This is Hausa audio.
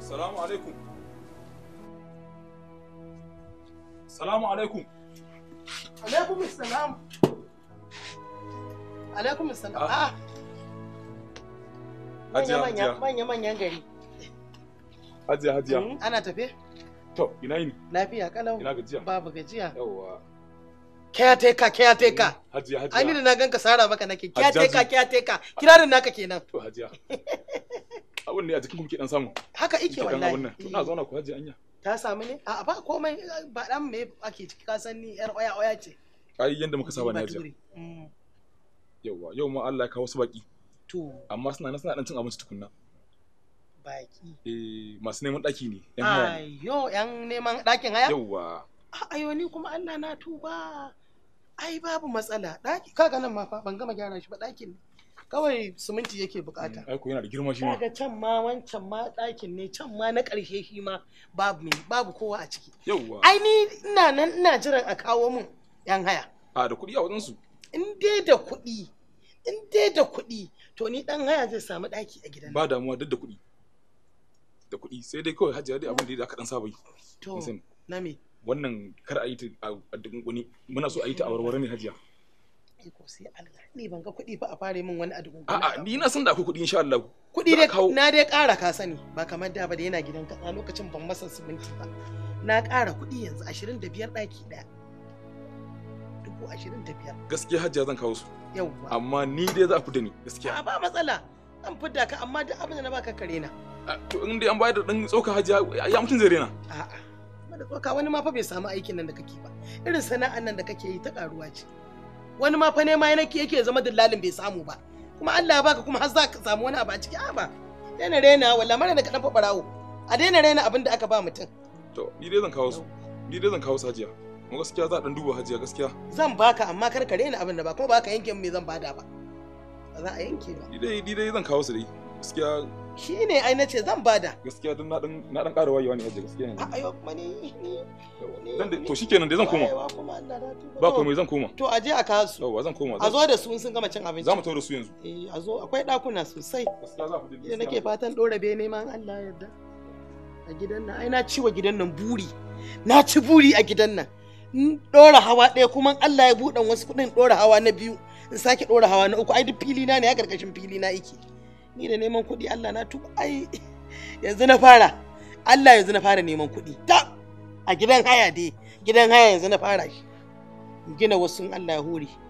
Salamu alaikum. Salamu alaikum. Alaikum salam. Alaikum salam. Ah. ah. Manya Manya manya gari. Hajiya, hajiya. Hmm? Ana tafe? To, ina yini? Lafiya kalau. Ina gajiya. Babu gajiya. Yawwa. Caretaker, caretaker. Eh, hajiya, hajiya. Ai ni da na ganka sara maka nake. Caretaker, caretaker. Kirarin naka kenan. To, hajiya. abin da a jikin kuke dan samu haka ike wallahi to na zauna ku haje anya ta samu ne a ba komai ba dan me ake ciki ka san ni yar oya oya ce ai yanda muka saba ne haje mm. yawa yau ma Allah ya kawo su baki to amma suna nan suna dan cin abinci tukunna baki eh masu neman daki ne yan haya ayo yan neman dakin haya yawa ayo ni kuma Allah na tuba ai babu matsala daki kaga nan ma fa ban gama gyara shi ba dakin ne kawai siminti yake bukata mm, ai yana da girma shi ma daga can ma wancan ma ɗakin ne can ma na ƙarshe shi ma babu me babu kowa a ciki yauwa ai ni ina nan ina jiran a kawo mun yan haya a da kuɗi a wajen su in dai da kuɗi in dai da kuɗi to ni dan haya zai samu ɗaki a gidan ba damuwa duk da kuɗi da kuɗi sai dai kawai hajiya dai abin da aka dan saba yi to na me wannan kar a yi ta a wani muna so a yi ta a warware ne hajiya iko sai Allah ni ban ga kuɗi fa a fare min wani adugun a'a ni na san da akwai kuɗi insha Allah kuɗi dai na dai ƙara ka sani ba kamar da ba da yana gidan kasa lokacin ban masa siminti ba na ƙara kuɗi yanzu 25 ɗaki ɗaya dubu 25 gaskiya hajjia zan kawo su yawwa amma ni dai za ku da ni gaskiya a ba matsala an fidda ka amma duk abin da na baka kare na to in dai an bayar da dan tsoka hajjia ya mutun zai rena a'a da tsoka wani ma fa bai samu aikin nan da kake ba irin sana'an nan da kake yi ta karuwa ce wani ma fa ma yake yake zama dillalin bai samu ba kuma Allah ya baka kuma har za ka samu wani abu a ciki a ba daina raina walla mara da kadan fa barawo a daina raina abin da aka ba mutum to ni dai zan kawo su ni dai zan kawo sajiya mu gaskiya za dan duba hajiya gaskiya zan baka amma kar ka raina abin da ba kuma baka yanke me zan bada ba ba za a yanke ba ni dai ni dai zan kawo su dai gaskiya shi ne ai na ce zan bada gaskiya na dan na dan ƙara wayewa ne aje gaskiya ne ayo kuma ne dan to shikenan dai zan koma ba komai zan koma to aje a kasu yawa zan koma a zo da su sun gama cin abinci za mu tawo su yanzu eh a zo akwai dakuna sosai gaskiya za ku je nake fatan dora be neman Allah yarda a gidan nan ai na ci wa gidan nan buri na ci buri a gidan nan in ɗora hawa ɗaya kuma Allah ya buɗan wasu kuɗin ɗora hawa na biyu in sake ɗora hawa na uku ai duk fili na ne ya ƙarƙashin fili na iki ni da neman kuɗi Allah na tuba ai yanzu na fara Allah yanzu na fara neman kuɗi ta a gidan haya dai gidan haya yanzu na fara shi gina wasu Allah ya hore